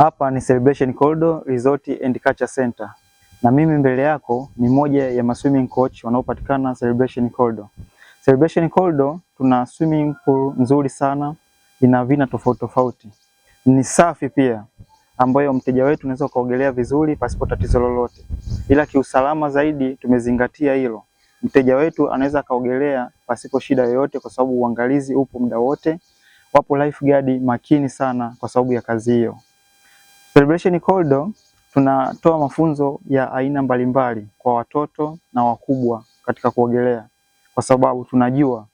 Hapa ni Celebration Corridor Resort and Culture Center, na mimi mbele yako ni moja ya swimming coach wanaopatikana Celebration Corridor. Celebration Corridor tuna swimming pool nzuri sana, ina vina tofauti tofauti, ni safi pia, ambayo mteja wetu unaweza kuogelea vizuri pasipo tatizo lolote, ila kiusalama zaidi tumezingatia hilo mteja wetu anaweza kaogelea pasipo shida yoyote, kwa sababu uangalizi upo muda wote. Wapo lifeguard makini sana kwa sababu ya kazi hiyo. Celebration Corridor tunatoa mafunzo ya aina mbalimbali kwa watoto na wakubwa katika kuogelea, kwa sababu tunajua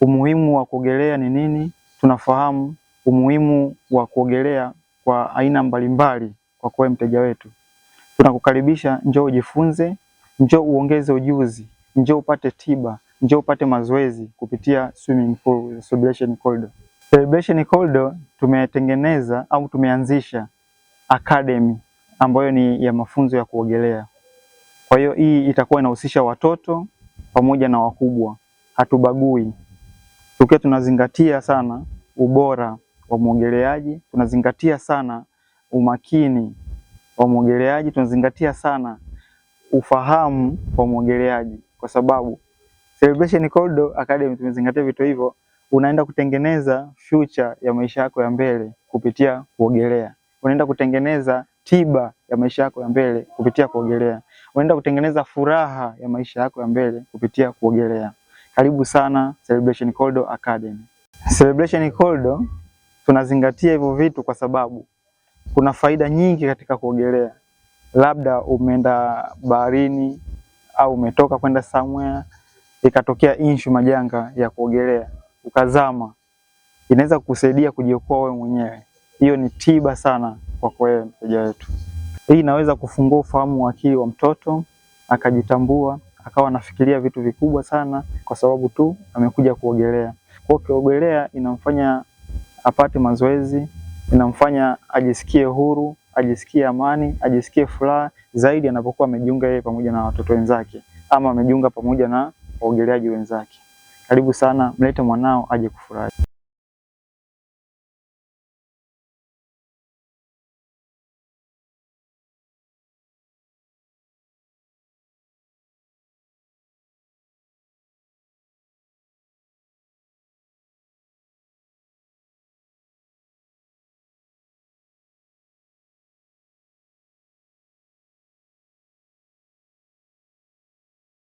umuhimu wa kuogelea ni nini, tunafahamu umuhimu wa kuogelea kwa aina mbalimbali. Kwa kuwa mteja wetu, tunakukaribisha njoo ujifunze, njoo uongeze ujuzi, njoo upate tiba, njoo upate mazoezi kupitia swimming pool Celebration Corridor. Celebration Corridor tumetengeneza au tumeanzisha academy ambayo ni ya mafunzo ya kuogelea. Kwa hiyo hii itakuwa inahusisha watoto pamoja na wakubwa, hatubagui, tukiwa tunazingatia sana ubora wa mwogeleaji, tunazingatia sana umakini wa mwogeleaji, tunazingatia sana ufahamu wa mwogeleaji, kwa sababu Celebration Kodo Academy tumezingatia vitu hivyo, unaenda kutengeneza future ya maisha yako ya mbele kupitia kuogelea unaenda kutengeneza tiba ya maisha yako ya mbele kupitia kuogelea. Unaenda kutengeneza furaha ya maisha yako ya mbele kupitia kuogelea. Karibu sana Celebration Corridor Academy. Celebration Corridor tunazingatia hivyo vitu kwa sababu kuna faida nyingi katika kuogelea. Labda umeenda baharini au umetoka kwenda somewhere ikatokea inshu majanga ya kuogelea ukazama, inaweza kukusaidia kujiokoa wewe mwenyewe hiyo ni tiba sana kwa wewe mteja wetu. Hii inaweza kufungua ufahamu wa akili wa mtoto akajitambua, akawa anafikiria vitu vikubwa sana kwa sababu tu amekuja kuogelea. Kwa kuogelea inamfanya apate mazoezi, inamfanya ajisikie huru, ajisikie amani, ajisikie furaha zaidi anapokuwa amejiunga yeye pamoja na watoto wenzake ama amejiunga pamoja na waogeleaji wenzake. Karibu sana, mlete mwanao aje kufurahi.